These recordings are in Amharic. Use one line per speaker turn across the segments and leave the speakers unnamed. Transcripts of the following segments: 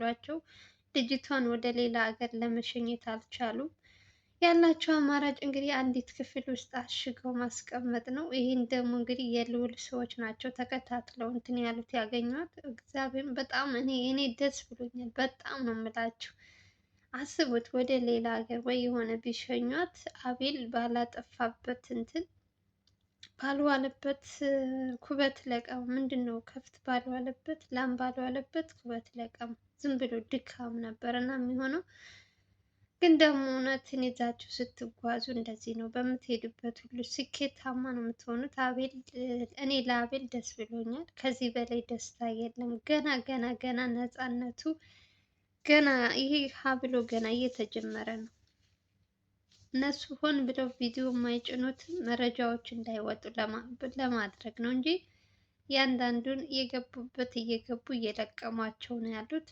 ስላሏቸው ልጅቷን ወደ ሌላ ሀገር ለመሸኘት አልቻሉም። ያላቸው አማራጭ እንግዲህ አንዲት ክፍል ውስጥ አሽገው ማስቀመጥ ነው። ይህን ደግሞ እንግዲህ የልዑል ሰዎች ናቸው ተከታትለው እንትን ያሉት ያገኟት። እግዚአብሔርን በጣም እኔ እኔ ደስ ብሎኛል። በጣም ነው የምላቸው። አስቡት፣ ወደ ሌላ ሀገር ወይ የሆነ ቢሸኟት አቤል ባላጠፋበት እንትን ባልዋለበት ኩበት ለቀሙ። ምንድን ነው ከፍት ባልዋለበት ላም ባልዋለበት ኩበት ለቀሙ። ዝም ብሎ ድካም ነበር እና የሚሆነው ግን ደግሞ እውነትን ይዛችሁ ስትጓዙ እንደዚህ ነው። በምትሄዱበት ሁሉ ስኬታማ ነው የምትሆኑት። አቤል እኔ ለአቤል ደስ ብሎኛል። ከዚህ በላይ ደስታ የለም። ገና ገና ገና ነፃነቱ ገና ይሄ ሀብሎ ገና እየተጀመረ ነው። እነሱ ሆን ብለው ቪዲዮ የማይጭኑት መረጃዎች እንዳይወጡ ለማድረግ ነው እንጂ እያንዳንዱን እየገቡበት እየገቡ እየለቀሟቸው ነው ያሉት።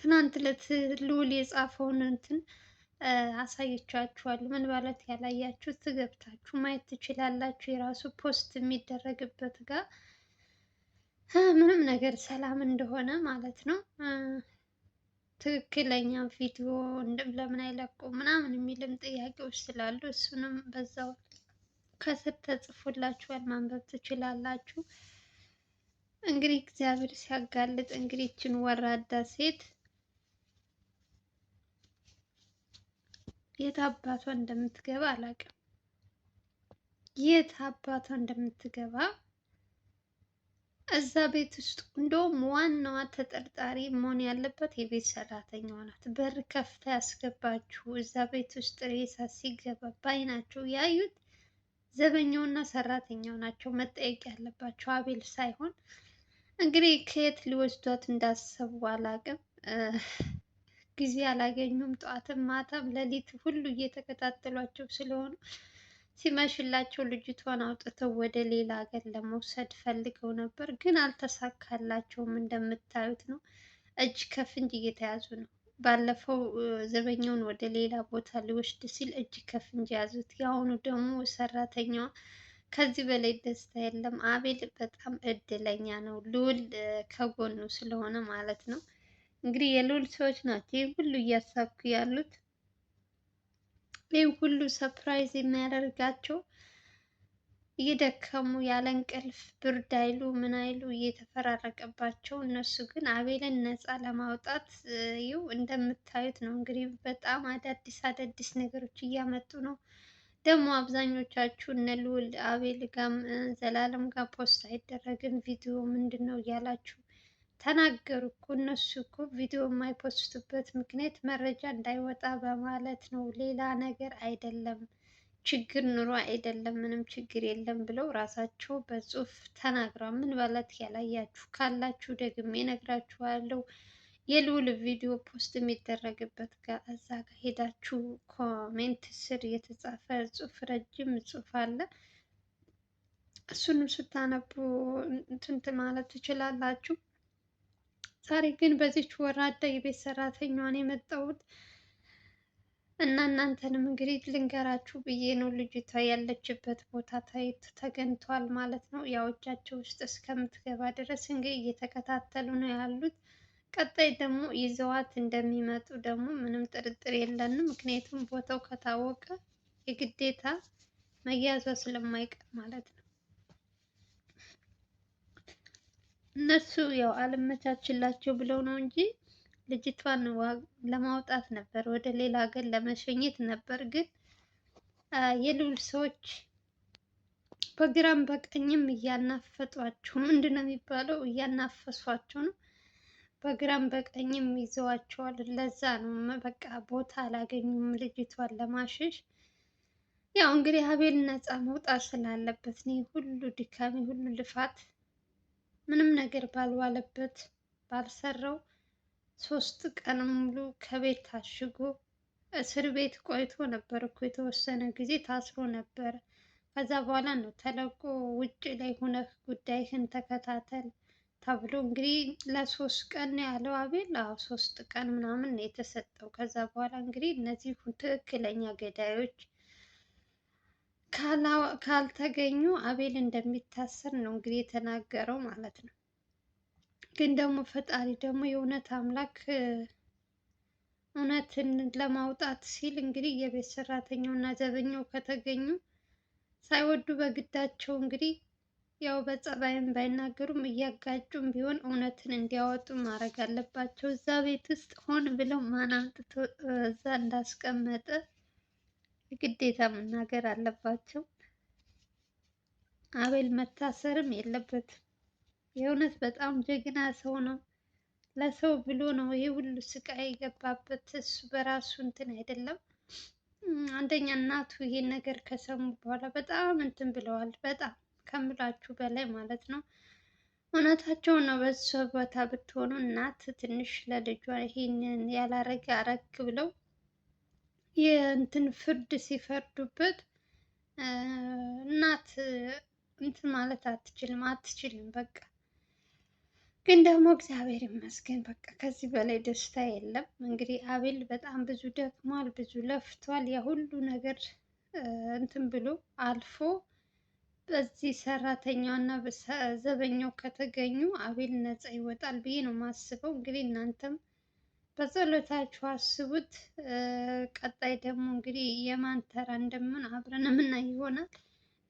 ትናንት ዕለት ልዑል የጻፈውን እንትን ምን ማለት ያላያችሁ ትገብታችሁ ማየት ትችላላችሁ። የራሱ ፖስት የሚደረግበት ጋር ምንም ነገር ሰላም እንደሆነ ማለት ነው። ትክክለኛ ቪዲዮ ለምን አይለቁ ምናምን የሚልም ጥያቄዎች ስላሉ እሱንም በዛው ከስር ተጽፎላችኋል ማንበብ ትችላላችሁ። እንግዲህ እግዚአብሔር ሲያጋልጥ እንግዲህ ይችን ወራዳ ሴት የት አባቷ እንደምትገባ አላውቅም። የት አባቷ እንደምትገባ እዛ ቤት ውስጥ እንደውም ዋናዋ ተጠርጣሪ መሆን ያለበት የቤት ሰራተኛዋ ናት። በር ከፍታ ያስገባችሁ እዛ ቤት ውስጥ ሬሳ ሲገባ ባይናቸው ያዩት ዘበኛውና ሰራተኛው ናቸው መጠየቅ ያለባቸው አቤል ሳይሆን። እንግዲህ ከየት ሊወስዷት እንዳሰቡ አላቅም። ጊዜ አላገኙም። ጠዋትም ማታም ሌሊት ሁሉ እየተከታተሏቸው ስለሆኑ ሲመሽላቸው ልጅቷን አውጥተው ወደ ሌላ ሀገር ለመውሰድ ፈልገው ነበር፣ ግን አልተሳካላቸውም። እንደምታዩት ነው፣ እጅ ከፍንጅ እየተያዙ ነው። ባለፈው ዘበኛውን ወደ ሌላ ቦታ ሊወስድ ሲል እጅ ከፍንጅ ያዙት። የአሁኑ ደግሞ ሰራተኛዋ። ከዚህ በላይ ደስታ የለም። አቤል በጣም እድለኛ ነው፣ ልዑል ከጎኑ ስለሆነ ማለት ነው። እንግዲህ የልዑል ሰዎች ናቸው ይህ ሁሉ እያሳኩ ያሉት። ይህ ሁሉ ሰፕራይዝ የሚያደርጋቸው እየደከሙ ያለ እንቅልፍ ብርድ አይሉ ምን አይሉ እየተፈራረቀባቸው፣ እነሱ ግን አቤልን ነፃ ለማውጣት ይኸው እንደምታዩት ነው። እንግዲህ በጣም አዳዲስ አዳዲስ ነገሮች እያመጡ ነው። ደግሞ አብዛኞቻችሁ እነ ልዑል አቤል ጋም ዘላለም ጋር ፖስት አይደረግም ቪዲዮ ምንድን ነው እያላችሁ ተናገሩ እኮ እነሱ እኮ ቪዲዮ የማይፖስቱበት ምክንያት መረጃ እንዳይወጣ በማለት ነው። ሌላ ነገር አይደለም። ችግር ኑሮ አይደለም፣ ምንም ችግር የለም ብለው ራሳቸው በጽሁፍ ተናግረዋል። ምን በላት ያላያችሁ ካላችሁ ደግሜ እነግራችኋለሁ። የልዑል ቪዲዮ ፖስት የሚደረግበት ጋር እዛ ጋር ሄዳችሁ ኮሜንት ስር የተጻፈ ጽሁፍ ረጅም ጽሁፍ አለ። እሱንም ስታነቡ እንትን ማለት ትችላላችሁ። ዛሬ ግን በዚች ወራዳ የቤት ሰራተኛዋን የመጣሁት እና እናንተንም እንግዲህ ልንገራችሁ ብዬ ነው። ልጅቷ ያለችበት ቦታ ተገኝቷል ማለት ነው። ያው እጃቸው ውስጥ እስከምትገባ ድረስ እንግዲህ እየተከታተሉ ነው ያሉት። ቀጣይ ደግሞ ይዘዋት እንደሚመጡ ደግሞ ምንም ጥርጥር የለንም። ምክንያቱም ቦታው ከታወቀ የግዴታ መያዟ ስለማይቀር ማለት ነው። እነሱ ያው አልመቻችላቸው ብለው ነው እንጂ ልጅቷን ለማውጣት ነበር፣ ወደ ሌላ ሀገር ለመሸኘት ነበር። ግን የልዑል ሰዎች በግራም በቀኝም እያናፈጧቸው ምንድን ነው የሚባለው? እያናፈሷቸው ነው። በግራም በቀኝም ይዘዋቸዋል። ለዛ ነው በቃ ቦታ አላገኙም ልጅቷን ለማሸሽ። ያው እንግዲህ አቤል ነፃ መውጣት ስላለበት ነው ሁሉ ድካሜ ሁሉ ልፋት ምንም ነገር ባልዋለበት ባልሰራው ሶስት ቀን ሙሉ ከቤት ታሽጎ እስር ቤት ቆይቶ ነበር እኮ የተወሰነ ጊዜ ታስሮ ነበር ከዛ በኋላ ነው ተለቆ ውጭ ላይ ሁነህ ጉዳይህን ተከታተል ተብሎ እንግዲህ ለሶስት ቀን ያለው አቤል፣ ሶስት ቀን ምናምን ነው የተሰጠው። ከዛ በኋላ እንግዲህ እነዚህ ትክክለኛ ገዳዮች ካልተገኙ አቤል እንደሚታሰር ነው እንግዲህ የተናገረው ማለት ነው። ግን ደግሞ ፈጣሪ ደግሞ የእውነት አምላክ እውነትን ለማውጣት ሲል እንግዲህ የቤት ሰራተኛው እና ዘበኛው ከተገኙ ሳይወዱ በግዳቸው እንግዲህ ያው በጸባይም ባይናገሩም እያጋጩም ቢሆን እውነትን እንዲያወጡ ማድረግ አለባቸው። እዛ ቤት ውስጥ ሆን ብለው ማን አምጥቶ እዛ እንዳስቀመጠ ግዴታ መናገር አለባቸው። አቤል መታሰርም የለበትም። የእውነት በጣም ጀግና ሰው ነው። ለሰው ብሎ ነው ይህ ሁሉ ስቃይ የገባበት። እሱ በራሱ እንትን አይደለም። አንደኛ እናቱ ይሄን ነገር ከሰሙ በኋላ በጣም እንትን ብለዋል። በጣም ከምላችሁ በላይ ማለት ነው። እውነታቸውን ነው። በሷ ቦታ ብትሆኑ እናት ትንሽ ለልጇ ይሄንን ያላረገ አረግ ብለው የእንትን ፍርድ ሲፈርዱበት እናት እንትን ማለት አትችልም አትችልም በቃ። ግን ደግሞ እግዚአብሔር ይመስገን በቃ ከዚህ በላይ ደስታ የለም። እንግዲህ አቤል በጣም ብዙ ደክሟል፣ ብዙ ለፍቷል። የሁሉ ነገር እንትን ብሎ አልፎ በዚህ ሰራተኛዋ እና ዘበኛው ከተገኙ አቤል ነፃ ይወጣል ብዬ ነው የማስበው። እንግዲህ እናንተም በጸሎታችሁ አስቡት። ቀጣይ ደግሞ እንግዲህ የማን ተራ እንደምን አብረን የምናይ ይሆናል።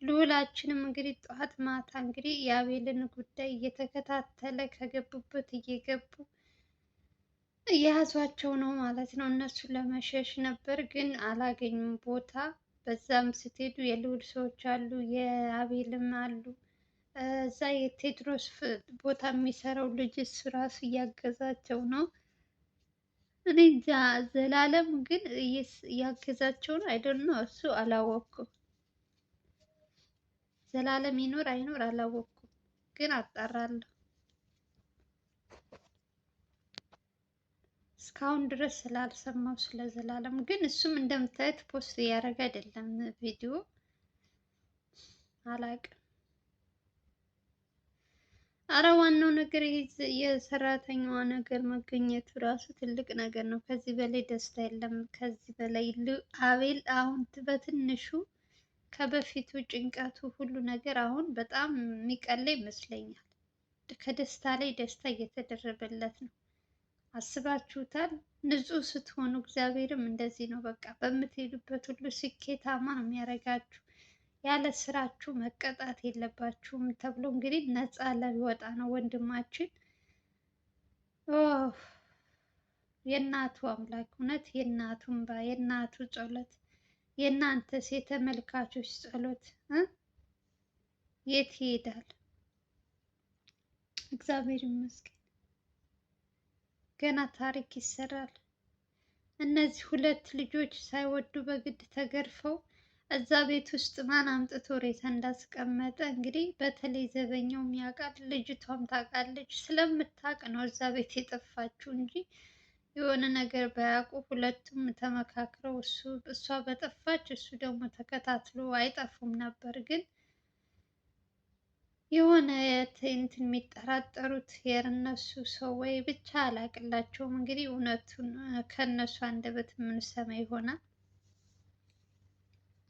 ልዑላችንም እንግዲህ ጠዋት ማታ እንግዲህ የአቤልን ጉዳይ እየተከታተለ ከገቡበት እየገቡ እየያዟቸው ነው ማለት ነው። እነሱን ለመሸሽ ነበር ግን አላገኙም ቦታ። በዛም ስትሄዱ የልዑል ሰዎች አሉ፣ የአቤልም አሉ። እዛ የቴድሮስ ቦታ የሚሰራው ልጅ እሱ ራሱ እያገዛቸው ነው። እኔ እንጃ ዘላለም ግን እያገዛቸው ነው አይደል? ነው እሱ አላወቅኩም። ዘላለም ይኖር አይኖር አላወቅኩም፣ ግን አጣራለሁ። እስካሁን ድረስ ስላልሰማው ስለ ዘላለም ግን እሱም እንደምታዩት ፖስት እያደረገ አይደለም ቪዲዮ አላቅም። አረ ዋናው ነገር የሰራተኛዋ ነገር መገኘቱ ራሱ ትልቅ ነገር ነው። ከዚህ በላይ ደስታ የለም። ከዚህ በላይ አቤል አሁን በትንሹ ከበፊቱ ጭንቀቱ ሁሉ ነገር አሁን በጣም የሚቀለ ይመስለኛል። ከደስታ ላይ ደስታ እየተደረበለት ነው። አስባችሁታል? ንጹህ ስትሆኑ እግዚአብሔርም እንደዚህ ነው። በቃ በምትሄዱበት ሁሉ ስኬታማ ነው የሚያደርጋችሁ። ያለ ስራችሁ መቀጣት የለባችሁም ተብሎ እንግዲህ ነፃ ለሚወጣ ነው ወንድማችን። የእናቱ አምላክ እውነት የእናቱ እንባ የእናቱ ጸሎት፣ የእናንተስ የተመልካቾች ጸሎት የት ይሄዳል? እግዚአብሔር ይመስገን ገና ታሪክ ይሰራል። እነዚህ ሁለት ልጆች ሳይወዱ በግድ ተገርፈው እዛ ቤት ውስጥ ማን አምጥቶ ሬሳ እንዳስቀመጠ እንግዲህ በተለይ ዘበኛውም ያውቃል፣ ልጅቷም ታውቃለች። ስለምታውቅ ነው እዛ ቤት የጠፋችው እንጂ የሆነ ነገር ባያውቁ ሁለቱም ተመካክረው እሷ በጠፋች እሱ ደግሞ ተከታትሎ አይጠፉም ነበር። ግን የሆነ እንትን የሚጠራጠሩት የእነሱ ሰው ወይ ብቻ አላቅላቸውም። እንግዲህ እውነቱን ከእነሱ አንደበት የምንሰማ ይሆናል።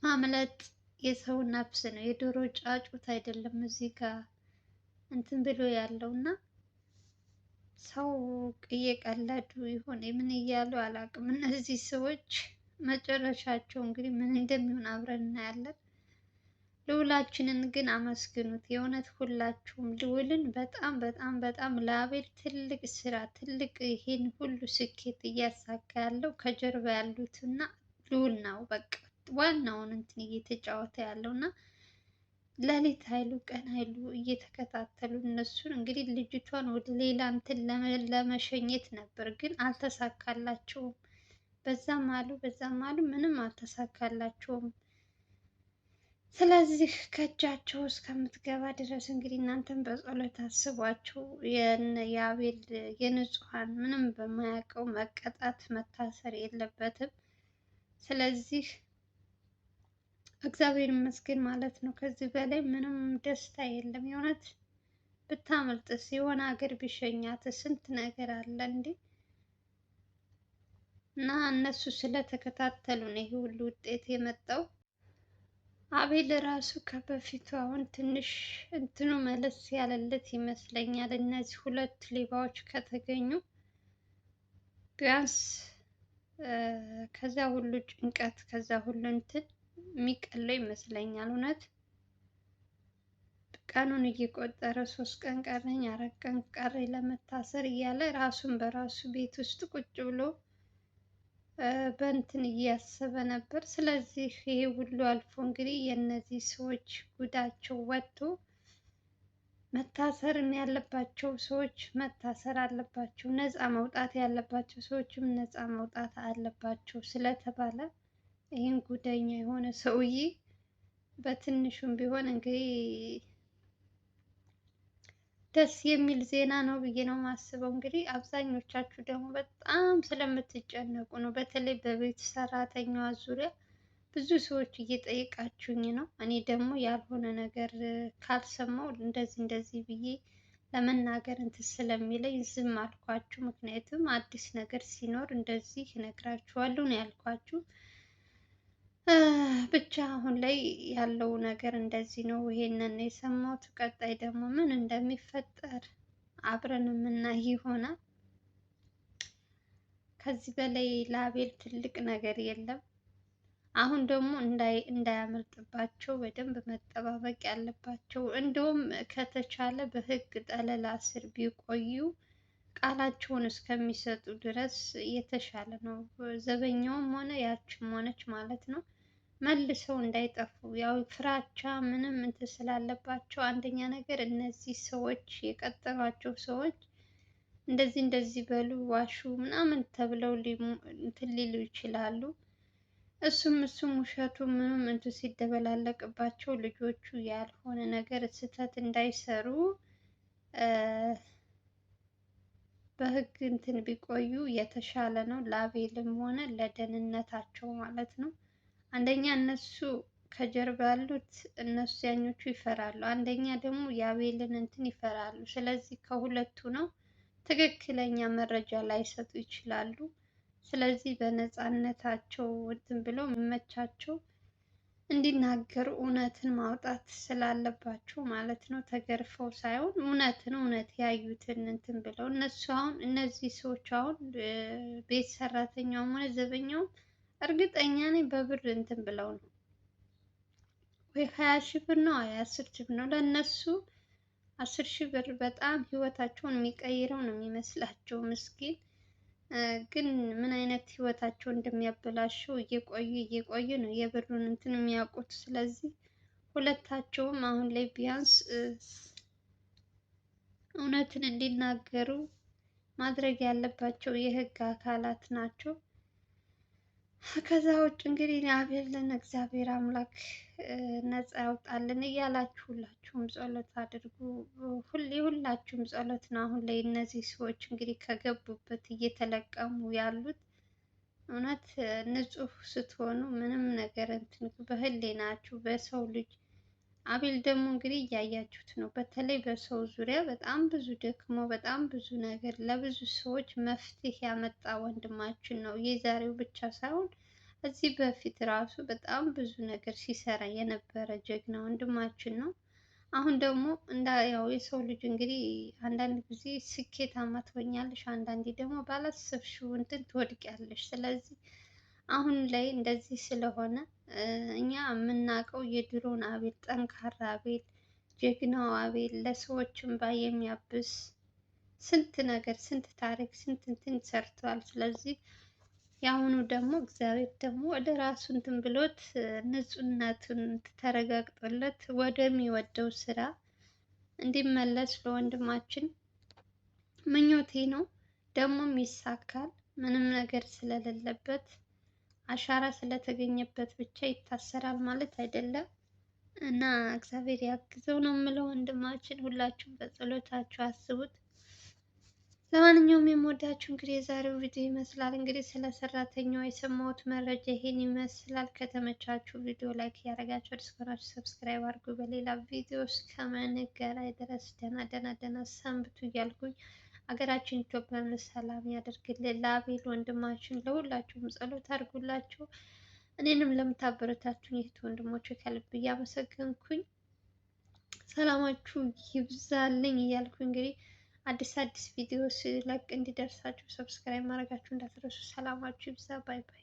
ማምለጥ የሰው ነፍስ ነው፣ የዶሮ ጫጩት አይደለም። እዚህ ጋር እንትን ብሎ ያለው እና ሰው እየቀለዱ ይሆን ምን እያሉ አላውቅም። እነዚህ ሰዎች መጨረሻቸው እንግዲህ ምን እንደሚሆን አብረን እናያለን። ልውላችንን ግን አመስግኑት። የእውነት ሁላችሁም ልውልን በጣም በጣም በጣም ለአቤል ትልቅ ስራ ትልቅ ይህን ሁሉ ስኬት እያሳካ ያለው ከጀርባ ያሉት እና ነው በቃ ዋናውን እንትን እየተጫወተ ያለው እና ለሊት ኃይሉ ቀን ኃይሉ እየተከታተሉ እነሱን እንግዲህ ልጅቷን ወደ ሌላ እንትን ለመሸኘት ነበር፣ ግን አልተሳካላቸውም። በዛም አሉ በዛም አሉ ምንም አልተሳካላቸውም። ስለዚህ ከእጃቸው እስከምትገባ ድረስ እንግዲህ እናንተን በጸሎት አስቧቸው። የአቤል የንጹሐን ምንም በማያውቀው መቀጣት መታሰር የለበትም። ስለዚህ እግዚአብሔር ይመስገን ማለት ነው። ከዚህ በላይ ምንም ደስታ የለም። የእውነት ብታመልጥስ የሆነ ሀገር ቢሸኛት ስንት ነገር አለ እንዴ! እና እነሱ ስለተከታተሉ ነው ይሄ ሁሉ ውጤት የመጣው። አቤል ራሱ ከበፊቱ አሁን ትንሽ እንትኑ መለስ ያለለት ይመስለኛል። እነዚህ ሁለት ሌባዎች ከተገኙ ቢያንስ ከዛ ሁሉ ጭንቀት ከዛ ሁሉ እንትን የሚቀለው ይመስለኛል። እውነት ቀኑን እየቆጠረ ሶስት ቀን ቀረኝ አራት ቀን ቀረኝ ለመታሰር እያለ ራሱን በራሱ ቤት ውስጥ ቁጭ ብሎ በእንትን እያሰበ ነበር። ስለዚህ ይሄ ሁሉ አልፎ እንግዲህ የእነዚህ ሰዎች ጉዳቸው ወጥቶ መታሰርም ያለባቸው ሰዎች መታሰር አለባቸው፣ ነፃ መውጣት ያለባቸው ሰዎችም ነፃ መውጣት አለባቸው ስለተባለ ይህን ጉደኛ የሆነ ሰውዬ በትንሹም ቢሆን እንግዲህ ደስ የሚል ዜና ነው ብዬ ነው የማስበው። እንግዲህ አብዛኞቻችሁ ደግሞ በጣም ስለምትጨነቁ ነው። በተለይ በቤት ሰራተኛዋ ዙሪያ ብዙ ሰዎች እየጠየቃችሁኝ ነው። እኔ ደግሞ ያልሆነ ነገር ካልሰማው እንደዚህ እንደዚህ ብዬ ለመናገር እንትን ስለሚለኝ ዝም አልኳችሁ። ምክንያቱም አዲስ ነገር ሲኖር እንደዚህ እነግራችኋለሁ ነው ያልኳችሁ። ብቻ አሁን ላይ ያለው ነገር እንደዚህ ነው። ይሄንን የሰማሁት። ቀጣይ ደግሞ ምን እንደሚፈጠር አብረን የምናይ ይሆናል። ከዚህ በላይ ለአቤል ትልቅ ነገር የለም። አሁን ደግሞ እንዳያመልጥባቸው በደንብ መጠባበቅ ያለባቸው እንደውም ከተቻለ በሕግ ጠለላ ስር ቢቆዩ ቃላቸውን እስከሚሰጡ ድረስ የተሻለ ነው። ዘበኛውም ሆነ ያችም ሆነች ማለት ነው። መልሰው እንዳይጠፉ ያው ፍራቻ ምንም እንትን ስላለባቸው፣ አንደኛ ነገር እነዚህ ሰዎች የቀጠሯቸው ሰዎች እንደዚህ እንደዚህ በሉ ዋሹ ምናምን ተብለው እንትን ሊሉ ይችላሉ። እሱም እሱም ውሸቱ ምንም እንትን ሲደበላለቅባቸው ልጆቹ ያልሆነ ነገር ስህተት እንዳይሰሩ በህግ እንትን ቢቆዩ የተሻለ ነው። ለአቤልም ሆነ ለደህንነታቸው ማለት ነው። አንደኛ እነሱ ከጀርባ ያሉት እነሱ ያኞቹ ይፈራሉ። አንደኛ ደግሞ የአቤልን እንትን ይፈራሉ። ስለዚህ ከሁለቱ ነው ትክክለኛ መረጃ ላይሰጡ ይችላሉ። ስለዚህ በነፃነታቸው እንትን ብለው የሚመቻቸው እንዲናገሩ እውነትን ማውጣት ስላለባቸው ማለት ነው። ተገርፈው ሳይሆን እውነትን እውነት ያዩትን እንትን ብለው እነሱ አሁን እነዚህ ሰዎች አሁን ቤት ሰራተኛውም ሆነ ዘበኛውም እርግጠኛ ነኝ በብር እንትን ብለው ነው ወይ ሀያ ሺህ ብር ነው ወይ አስር ሺህ ብር ነው። ለእነሱ አስር ሺህ ብር በጣም ህይወታቸውን የሚቀይረው ነው የሚመስላቸው ምስኪን። ግን ምን አይነት ህይወታቸው እንደሚያበላሸው እየቆዩ እየቆዩ ነው የብሩን እንትን የሚያውቁት። ስለዚህ ሁለታቸውም አሁን ላይ ቢያንስ እውነትን እንዲናገሩ ማድረግ ያለባቸው የህግ አካላት ናቸው። ከዛ ውጭ እንግዲህ አቤልን እግዚአብሔር አምላክ ነፃ ያውጣልን እያላችሁ ሁላችሁም ጸሎት አድርጉ። ሁሌ ሁላችሁም ጸሎት ነው። አሁን ላይ እነዚህ ሰዎች እንግዲህ ከገቡበት እየተለቀሙ ያሉት እውነት ንጹህ ስትሆኑ ምንም ነገር እንትን በህሌናችሁ በሰው ልጅ አቤል ደግሞ እንግዲህ እያያችሁት ነው። በተለይ በሰው ዙሪያ በጣም ብዙ ደክሞ በጣም ብዙ ነገር ለብዙ ሰዎች መፍትሄ ያመጣ ወንድማችን ነው። የዛሬው ብቻ ሳይሆን እዚህ በፊት ራሱ በጣም ብዙ ነገር ሲሰራ የነበረ ጀግና ወንድማችን ነው። አሁን ደግሞ እንዳ ያው የሰው ልጅ እንግዲህ አንዳንድ ጊዜ ስኬታማ ትሆኛለሽ፣ አንዳንዴ ደግሞ ባላሰብሽው እንትን ትወድቂያለሽ። ስለዚህ አሁን ላይ እንደዚህ ስለሆነ እኛ የምናውቀው የድሮን አቤል፣ ጠንካራ አቤል፣ ጀግናው አቤል ለሰዎችም ባ የሚያብስ ስንት ነገር ስንት ታሪክ ስንት እንትን ሰርቷል። ስለዚህ የአሁኑ ደግሞ እግዚአብሔር ደግሞ ወደ ራሱ እንትን ብሎት ንጹህነቱን ተረጋግጦለት ወደሚወደው ስራ እንዲመለስ ለወንድማችን ምኞቴ ነው። ደግሞም ይሳካል ምንም ነገር ስለሌለበት አሻራ ስለተገኘበት ብቻ ይታሰራል ማለት አይደለም። እና እግዚአብሔር ያግዘው ነው የምለው ወንድማችን። ሁላችሁም በጸሎታችሁ አስቡት። ለማንኛውም የምወዳችሁ እንግዲህ የዛሬው ቪዲዮ ይመስላል። እንግዲህ ስለ ሰራተኛዋ የሰማሁት መረጃ ይሄን ይመስላል። ከተመቻችሁ ቪዲዮ ላይክ እያደረጋችሁ ዲስኮናችሁ ሰብስክራይብ አድርጉ። በሌላ ቪዲዮ እስከምንገናኝ ድረስ ደህና ደህና ደህና ሰንብቱ እያልኩኝ ሀገራችን ኢትዮጵያን ሰላም ያደርግልን። ለአቤል ወንድማችን ለሁላችሁም ጸሎት አድርጉላችሁ። እኔንም ለምታበረታችሁን የእህት ወንድሞች ከልብ እያመሰገንኩኝ ሰላማችሁ ይብዛልኝ እያልኩ እንግዲህ አዲስ አዲስ ቪዲዮ ስለቅ እንዲደርሳችሁ ሰብስክራይብ ማድረጋችሁ እንዳትረሱ። ሰላማችሁ ይብዛ። ባይ ባይ።